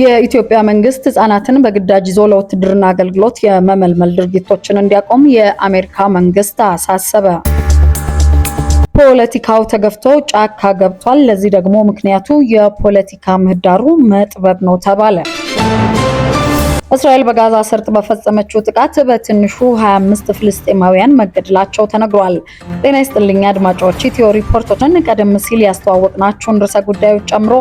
የኢትዮጵያ መንግስት ህጻናትን በግዳጅ ይዞ ለውትድርና አገልግሎት የመመልመል ድርጊቶችን እንዲያቆም የአሜሪካ መንግስት አሳሰበ። ፖለቲካው ተገፍቶ ጫካ ገብቷል። ለዚህ ደግሞ ምክንያቱ የፖለቲካ ምህዳሩ መጥበብ ነው ተባለ። እስራኤል በጋዛ ሰርጥ በፈጸመችው ጥቃት በትንሹ 25 ፍልስጤማውያን መገደላቸው ተነግሯል። ጤና ይስጥልኝ አድማጮች፣ ኢትዮ ሪፖርቶችን ቀደም ሲል ያስተዋወቅናችሁን ርዕሰ ጉዳዮች ጨምሮ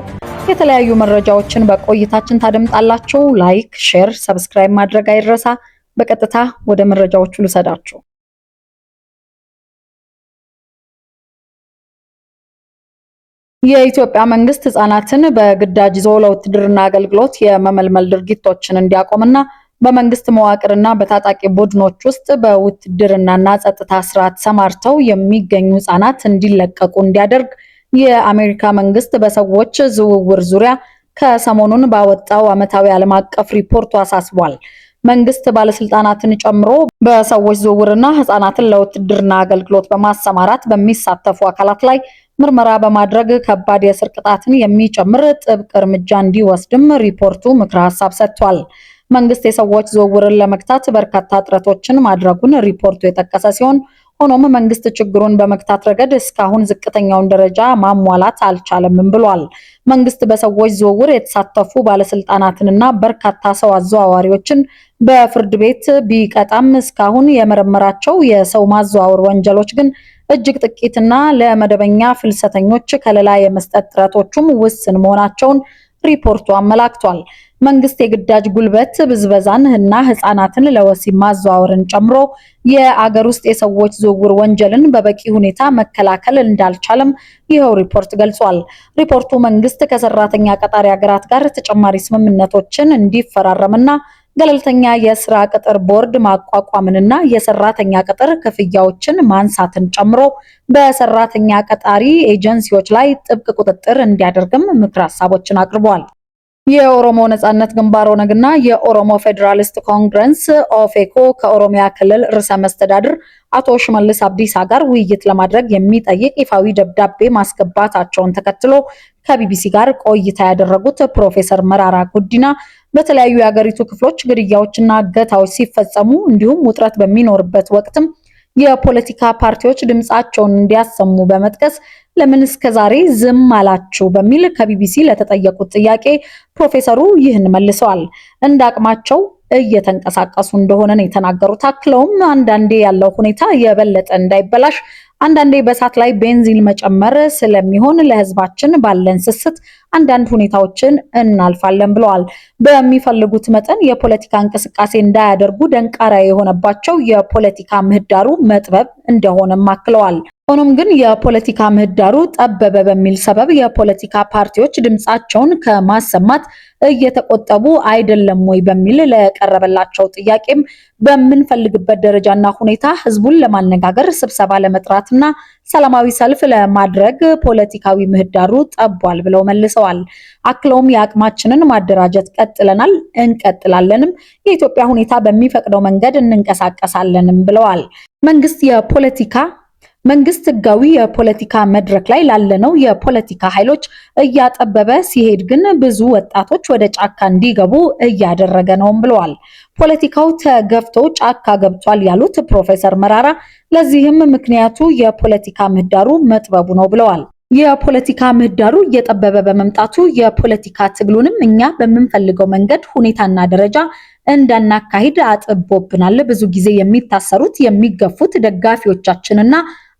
የተለያዩ መረጃዎችን በቆይታችን ታደምጣላችሁ። ላይክ፣ ሼር፣ ሰብስክራይብ ማድረግ አይረሳ። በቀጥታ ወደ መረጃዎቹ ልሰዳችሁ። የኢትዮጵያ መንግስት ህጻናትን በግዳጅ ይዞ ለውትድርና አገልግሎት የመመልመል ድርጊቶችን እንዲያቆምና በመንግስት መዋቅርና በታጣቂ ቡድኖች ውስጥ በውትድርናና ጸጥታ ስርዓት ሰማርተው የሚገኙ ህጻናት እንዲለቀቁ እንዲያደርግ የአሜሪካ መንግስት በሰዎች ዝውውር ዙሪያ ከሰሞኑን ባወጣው ዓመታዊ ዓለም አቀፍ ሪፖርቱ አሳስቧል። መንግስት ባለስልጣናትን ጨምሮ በሰዎች ዝውውርና ህጻናትን ለውትድርና አገልግሎት በማሰማራት በሚሳተፉ አካላት ላይ ምርመራ በማድረግ ከባድ የእስር ቅጣትን የሚጨምር ጥብቅ እርምጃ እንዲወስድም ሪፖርቱ ምክረ ሀሳብ ሰጥቷል። መንግስት የሰዎች ዝውውርን ለመግታት በርካታ ጥረቶችን ማድረጉን ሪፖርቱ የጠቀሰ ሲሆን ሆኖም መንግስት ችግሩን በመግታት ረገድ እስካሁን ዝቅተኛውን ደረጃ ማሟላት አልቻለምም ብሏል። መንግስት በሰዎች ዝውውር የተሳተፉ ባለስልጣናትንና በርካታ ሰው አዘዋዋሪዎችን በፍርድ ቤት ቢቀጣም እስካሁን የመረመራቸው የሰው ማዘዋወር ወንጀሎች ግን እጅግ ጥቂትና ለመደበኛ ፍልሰተኞች ከለላ የመስጠት ጥረቶቹም ውስን መሆናቸውን ሪፖርቱ አመላክቷል። መንግስት የግዳጅ ጉልበት ብዝበዛን እና ህፃናትን ለወሲብ ማዘዋወርን ጨምሮ የአገር ውስጥ የሰዎች ዝውውር ወንጀልን በበቂ ሁኔታ መከላከል እንዳልቻለም ይኸው ሪፖርት ገልጿል። ሪፖርቱ መንግስት ከሰራተኛ ቀጣሪ ሀገራት ጋር ተጨማሪ ስምምነቶችን እንዲፈራረምና ገለልተኛ የስራ ቅጥር ቦርድ ማቋቋምንና የሰራተኛ ቅጥር ክፍያዎችን ማንሳትን ጨምሮ በሰራተኛ ቀጣሪ ኤጀንሲዎች ላይ ጥብቅ ቁጥጥር እንዲያደርግም ምክር ሀሳቦችን አቅርቧል። የኦሮሞ ነጻነት ግንባር ኦነግና የኦሮሞ ፌዴራሊስት ኮንግረስ ኦፌኮ ከኦሮሚያ ክልል ርዕሰ መስተዳድር አቶ ሽመልስ አብዲሳ ጋር ውይይት ለማድረግ የሚጠይቅ ይፋዊ ደብዳቤ ማስገባታቸውን ተከትሎ ከቢቢሲ ጋር ቆይታ ያደረጉት ፕሮፌሰር መራራ ጉዲና በተለያዩ የሀገሪቱ ክፍሎች ግድያዎችና እገታዎች ሲፈጸሙ እንዲሁም ውጥረት በሚኖርበት ወቅትም የፖለቲካ ፓርቲዎች ድምፃቸውን እንዲያሰሙ በመጥቀስ ለምን እስከ ዛሬ ዝም አላችሁ በሚል ከቢቢሲ ለተጠየቁት ጥያቄ ፕሮፌሰሩ ይህን መልሰዋል። እንደ አቅማቸው እየተንቀሳቀሱ እንደሆነ ነው የተናገሩት። አክለውም አንዳንዴ ያለው ሁኔታ የበለጠ እንዳይበላሽ አንዳንዴ በእሳት ላይ ቤንዚን መጨመር ስለሚሆን ለህዝባችን ባለን ስስት አንዳንድ ሁኔታዎችን እናልፋለን ብለዋል። በሚፈልጉት መጠን የፖለቲካ እንቅስቃሴ እንዳያደርጉ ደንቃራ የሆነባቸው የፖለቲካ ምህዳሩ መጥበብ እንደሆነም አክለዋል። ሆኖም ግን የፖለቲካ ምህዳሩ ጠበበ በሚል ሰበብ የፖለቲካ ፓርቲዎች ድምፃቸውን ከማሰማት እየተቆጠቡ አይደለም ወይ በሚል ለቀረበላቸው ጥያቄም በምንፈልግበት ደረጃና ሁኔታ ህዝቡን ለማነጋገር ስብሰባ ለመጥራትና ሰላማዊ ሰልፍ ለማድረግ ፖለቲካዊ ምህዳሩ ጠቧል ብለው መልሰዋል። አክለውም የአቅማችንን ማደራጀት ቀጥለናል፣ እንቀጥላለንም፣ የኢትዮጵያ ሁኔታ በሚፈቅደው መንገድ እንንቀሳቀሳለንም ብለዋል። መንግስት የፖለቲካ መንግስት ህጋዊ የፖለቲካ መድረክ ላይ ላለነው የፖለቲካ ኃይሎች እያጠበበ ሲሄድ ግን ብዙ ወጣቶች ወደ ጫካ እንዲገቡ እያደረገ ነውም ብለዋል። ፖለቲካው ተገፍቶ ጫካ ገብቷል ያሉት ፕሮፌሰር መራራ ለዚህም ምክንያቱ የፖለቲካ ምህዳሩ መጥበቡ ነው ብለዋል። የፖለቲካ ምህዳሩ እየጠበበ በመምጣቱ የፖለቲካ ትግሉንም እኛ በምንፈልገው መንገድ ሁኔታና ደረጃ እንዳናካሂድ አጥቦብናል። ብዙ ጊዜ የሚታሰሩት የሚገፉት ደጋፊዎቻችንና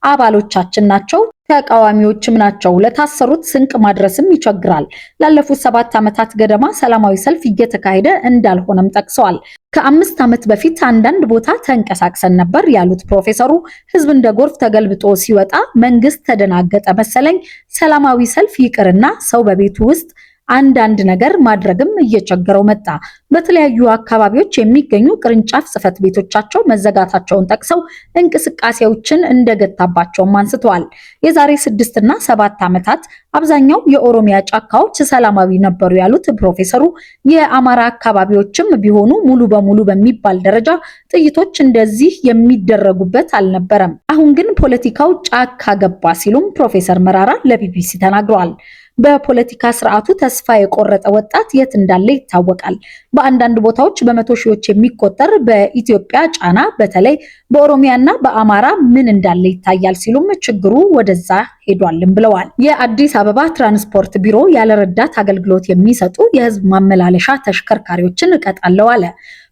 አባሎቻችን ናቸው፣ ተቃዋሚዎችም ናቸው። ለታሰሩት ስንቅ ማድረስም ይቸግራል። ላለፉት ሰባት ዓመታት ገደማ ሰላማዊ ሰልፍ እየተካሄደ እንዳልሆነም ጠቅሰዋል። ከአምስት ዓመት በፊት አንዳንድ ቦታ ተንቀሳቅሰን ነበር ያሉት ፕሮፌሰሩ ሕዝብ እንደ ጎርፍ ተገልብጦ ሲወጣ መንግስት ተደናገጠ መሰለኝ። ሰላማዊ ሰልፍ ይቅርና ሰው በቤቱ ውስጥ አንዳንድ ነገር ማድረግም እየቸገረው መጣ። በተለያዩ አካባቢዎች የሚገኙ ቅርንጫፍ ጽፈት ቤቶቻቸው መዘጋታቸውን ጠቅሰው እንቅስቃሴዎችን እንደገታባቸውም አንስተዋል። የዛሬ ስድስት እና ሰባት ዓመታት አብዛኛው የኦሮሚያ ጫካዎች ሰላማዊ ነበሩ ያሉት ፕሮፌሰሩ የአማራ አካባቢዎችም ቢሆኑ ሙሉ በሙሉ በሚባል ደረጃ ጥይቶች እንደዚህ የሚደረጉበት አልነበረም። አሁን ግን ፖለቲካው ጫካ ገባ ሲሉም ፕሮፌሰር መራራ ለቢቢሲ ተናግረዋል። በፖለቲካ ስርዓቱ ተስፋ የቆረጠ ወጣት የት እንዳለ ይታወቃል። በአንዳንድ ቦታዎች በመቶ ሺዎች የሚቆጠር በኢትዮጵያ ጫና በተለይ በኦሮሚያና በአማራ ምን እንዳለ ይታያል ሲሉም ችግሩ ወደዛ ሄዷልም ብለዋል። የአዲስ አበባ ትራንስፖርት ቢሮ ያለረዳት አገልግሎት የሚሰጡ የህዝብ ማመላለሻ ተሽከርካሪዎችን እቀጣለሁ አለ።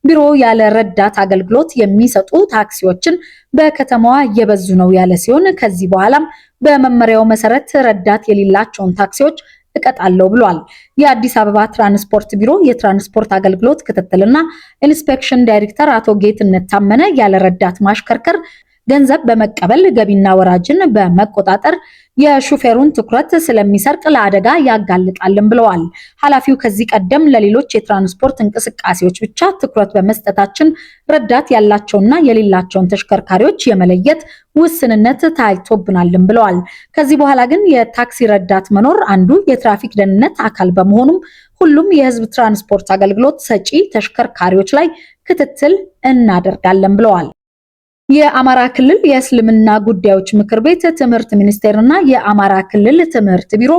ቢሮ ያለ ረዳት አገልግሎት የሚሰጡ ታክሲዎችን በከተማዋ እየበዙ ነው ያለ ሲሆን ከዚህ በኋላም በመመሪያው መሰረት ረዳት የሌላቸውን ታክሲዎች እቀጣለሁ ብሏል። የአዲስ አበባ ትራንስፖርት ቢሮ የትራንስፖርት አገልግሎት ክትትልና ኢንስፔክሽን ዳይሬክተር አቶ ጌትነት ታመነ ያለ ረዳት ማሽከርከር ገንዘብ በመቀበል ገቢና ወራጅን በመቆጣጠር የሹፌሩን ትኩረት ስለሚሰርቅ ለአደጋ ያጋልጣልን ብለዋል። ኃላፊው ከዚህ ቀደም ለሌሎች የትራንስፖርት እንቅስቃሴዎች ብቻ ትኩረት በመስጠታችን ረዳት ያላቸውና የሌላቸውን ተሽከርካሪዎች የመለየት ውስንነት ታይቶብናልን ብለዋል። ከዚህ በኋላ ግን የታክሲ ረዳት መኖር አንዱ የትራፊክ ደህንነት አካል በመሆኑም ሁሉም የህዝብ ትራንስፖርት አገልግሎት ሰጪ ተሽከርካሪዎች ላይ ክትትል እናደርጋለን ብለዋል። የአማራ ክልል የእስልምና ጉዳዮች ምክር ቤት ትምህርት ሚኒስቴርና የአማራ ክልል ትምህርት ቢሮ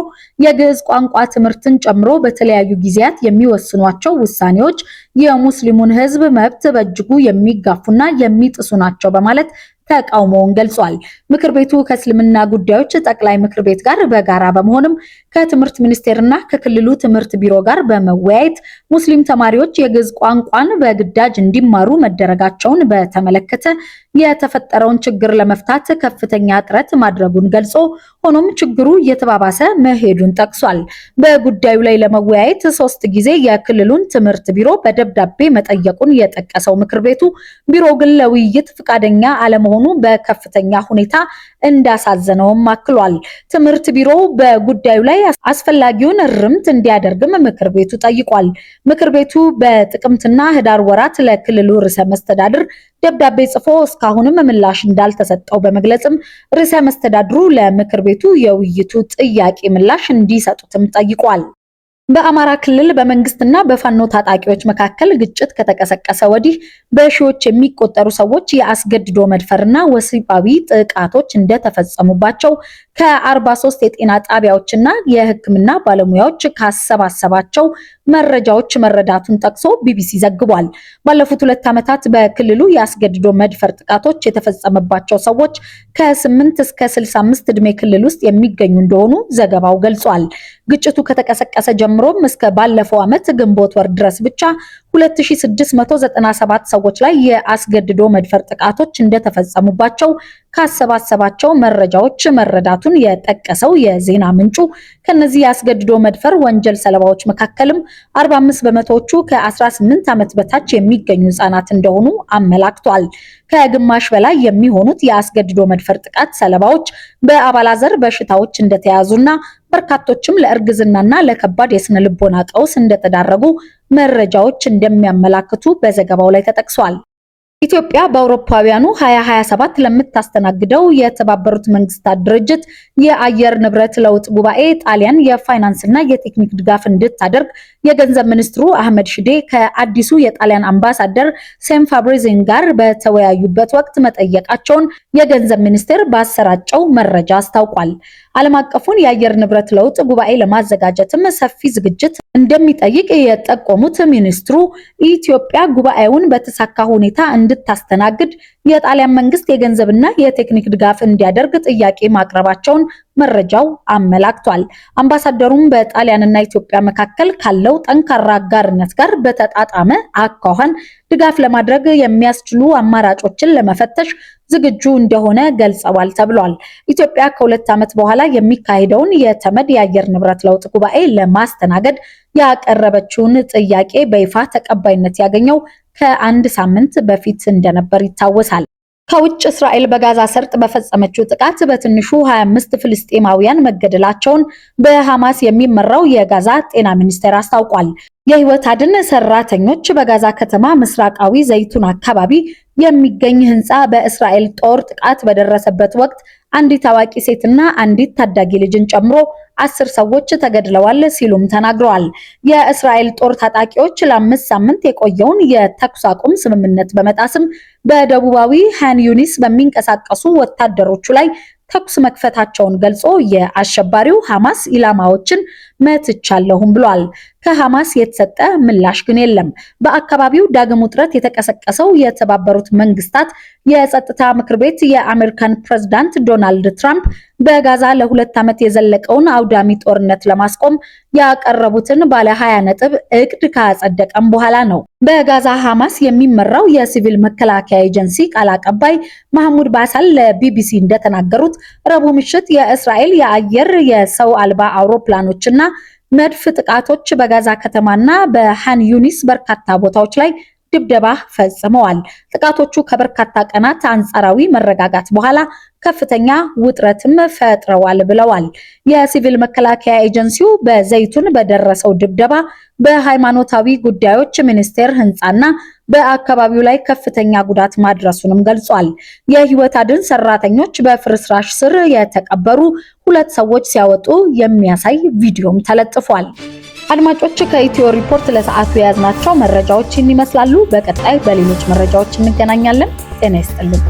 የግዕዝ ቋንቋ ትምህርትን ጨምሮ በተለያዩ ጊዜያት የሚወስኗቸው ውሳኔዎች የሙስሊሙን ሕዝብ መብት በእጅጉ የሚጋፉና የሚጥሱ ናቸው በማለት ተቃውሞውን ገልጿል። ምክር ቤቱ ከእስልምና ጉዳዮች ጠቅላይ ምክር ቤት ጋር በጋራ በመሆንም ከትምህርት ሚኒስቴርና ከክልሉ ትምህርት ቢሮ ጋር በመወያየት ሙስሊም ተማሪዎች የግዕዝ ቋንቋን በግዳጅ እንዲማሩ መደረጋቸውን በተመለከተ የተፈጠረውን ችግር ለመፍታት ከፍተኛ ጥረት ማድረጉን ገልጾ ሆኖም ችግሩ እየተባባሰ መሄዱን ጠቅሷል። በጉዳዩ ላይ ለመወያየት ሶስት ጊዜ የክልሉን ትምህርት ቢሮ በደብዳቤ መጠየቁን የጠቀሰው ምክር ቤቱ ቢሮ ግን ለውይይት ፈቃደኛ አለመሆኑ መሆኑ በከፍተኛ ሁኔታ እንዳሳዘነውም አክሏል። ትምህርት ቢሮው በጉዳዩ ላይ አስፈላጊውን እርምት እንዲያደርግም ምክር ቤቱ ጠይቋል። ምክር ቤቱ በጥቅምትና ህዳር ወራት ለክልሉ ርዕሰ መስተዳድር ደብዳቤ ጽፎ እስካሁንም ምላሽ እንዳልተሰጠው በመግለጽም ርዕሰ መስተዳድሩ ለምክር ቤቱ የውይይቱ ጥያቄ ምላሽ እንዲሰጡትም ጠይቋል። በአማራ ክልል በመንግስትና በፋኖ ታጣቂዎች መካከል ግጭት ከተቀሰቀሰ ወዲህ በሺዎች የሚቆጠሩ ሰዎች የአስገድዶ መድፈርና ወሲባዊ ጥቃቶች እንደተፈጸሙባቸው ከ43 የጤና ጣቢያዎችና የሕክምና ባለሙያዎች ካሰባሰባቸው መረጃዎች መረዳቱን ጠቅሶ ቢቢሲ ዘግቧል። ባለፉት ሁለት ዓመታት በክልሉ የአስገድዶ መድፈር ጥቃቶች የተፈጸመባቸው ሰዎች ከ8 እስከ 65 ዕድሜ ክልል ውስጥ የሚገኙ እንደሆኑ ዘገባው ገልጿል። ግጭቱ ከተቀሰቀሰ ጀምሮም እስከ ባለፈው ዓመት ግንቦት ወር ድረስ ብቻ 2697 ሰዎች ላይ የአስገድዶ መድፈር ጥቃቶች እንደተፈጸሙባቸው ካሰባሰባቸው መረጃዎች መረዳቱን የጠቀሰው የዜና ምንጩ ከነዚህ የአስገድዶ መድፈር ወንጀል ሰለባዎች መካከልም 45 በመቶዎቹ ከ18 ዓመት በታች የሚገኙ ህጻናት እንደሆኑ አመላክቷል። ከግማሽ በላይ የሚሆኑት የአስገድዶ መድፈር ጥቃት ሰለባዎች በአባላዘር በሽታዎች እንደተያዙና በርካቶችም ለእርግዝናና ለከባድ የስነ ልቦና ቀውስ እንደተዳረጉ መረጃዎች እንደሚያመላክቱ በዘገባው ላይ ተጠቅሷል። ኢትዮጵያ በአውሮፓውያኑ 2027 ለምታስተናግደው የተባበሩት መንግስታት ድርጅት የአየር ንብረት ለውጥ ጉባኤ ጣሊያን የፋይናንስና የቴክኒክ ድጋፍ እንድታደርግ የገንዘብ ሚኒስትሩ አህመድ ሽዴ ከአዲሱ የጣሊያን አምባሳደር ሴም ፋብሪዚን ጋር በተወያዩበት ወቅት መጠየቃቸውን የገንዘብ ሚኒስቴር ባሰራጨው መረጃ አስታውቋል። ዓለም አቀፉን የአየር ንብረት ለውጥ ጉባኤ ለማዘጋጀትም ሰፊ ዝግጅት እንደሚጠይቅ የጠቆሙት ሚኒስትሩ ኢትዮጵያ ጉባኤውን በተሳካ ሁኔታ እንድታስተናግድ የጣሊያን መንግስት የገንዘብና የቴክኒክ ድጋፍ እንዲያደርግ ጥያቄ ማቅረባቸውን መረጃው አመላክቷል። አምባሳደሩም በጣሊያንና ኢትዮጵያ መካከል ካለው ጠንካራ አጋርነት ጋር በተጣጣመ አኳኋን ድጋፍ ለማድረግ የሚያስችሉ አማራጮችን ለመፈተሽ ዝግጁ እንደሆነ ገልጸዋል ተብሏል። ኢትዮጵያ ከሁለት ዓመት በኋላ የሚካሄደውን የተመድ የአየር ንብረት ለውጥ ጉባኤ ለማስተናገድ ያቀረበችውን ጥያቄ በይፋ ተቀባይነት ያገኘው ከአንድ ሳምንት በፊት እንደነበር ይታወሳል። ከውጭ እስራኤል በጋዛ ሰርጥ በፈጸመችው ጥቃት በትንሹ 25 ፍልስጤማውያን መገደላቸውን በሐማስ የሚመራው የጋዛ ጤና ሚኒስቴር አስታውቋል። የህይወት አድን ሰራተኞች በጋዛ ከተማ ምስራቃዊ ዘይቱን አካባቢ የሚገኝ ህንፃ በእስራኤል ጦር ጥቃት በደረሰበት ወቅት አንዲት አዋቂ ሴትና አንዲት ታዳጊ ልጅን ጨምሮ አስር ሰዎች ተገድለዋል ሲሉም ተናግረዋል። የእስራኤል ጦር ታጣቂዎች ለአምስት ሳምንት የቆየውን የተኩስ አቁም ስምምነት በመጣስም በደቡባዊ ሃን ዩኒስ በሚንቀሳቀሱ ወታደሮቹ ላይ ተኩስ መክፈታቸውን ገልጾ የአሸባሪው ሐማስ ኢላማዎችን መትቻለሁም ብሏል። ከሐማስ የተሰጠ ምላሽ ግን የለም። በአካባቢው ዳግም ውጥረት የተቀሰቀሰው የተባበሩት መንግስታት የጸጥታ ምክር ቤት የአሜሪካን ፕሬዝዳንት ዶናልድ ትራምፕ በጋዛ ለሁለት ዓመት የዘለቀውን አውዳሚ ጦርነት ለማስቆም ያቀረቡትን ባለ 20 ነጥብ እቅድ ካጸደቀም በኋላ ነው። በጋዛ ሐማስ የሚመራው የሲቪል መከላከያ ኤጀንሲ ቃል አቀባይ ማህሙድ ባሳል ለቢቢሲ እንደተናገሩት ረቡዕ ምሽት የእስራኤል የአየር የሰው አልባ አውሮፕላኖችና መድፍ ጥቃቶች በጋዛ ከተማና በሃን ዩኒስ በርካታ ቦታዎች ላይ ድብደባ ፈጽመዋል። ጥቃቶቹ ከበርካታ ቀናት አንጻራዊ መረጋጋት በኋላ ከፍተኛ ውጥረትም ፈጥረዋል ብለዋል። የሲቪል መከላከያ ኤጀንሲው በዘይቱን በደረሰው ድብደባ በሃይማኖታዊ ጉዳዮች ሚኒስቴር ህንፃና በአካባቢው ላይ ከፍተኛ ጉዳት ማድረሱንም ገልጿል። የህይወት አድን ሰራተኞች በፍርስራሽ ስር የተቀበሩ ሁለት ሰዎች ሲያወጡ የሚያሳይ ቪዲዮም ተለጥፏል። አድማጮች ከኢትዮ ሪፖርት ለሰዓቱ የያዝናቸው መረጃዎች ይመስላሉ። በቀጣይ በሌሎች መረጃዎች እንገናኛለን። ጤና ይስጥልኝ።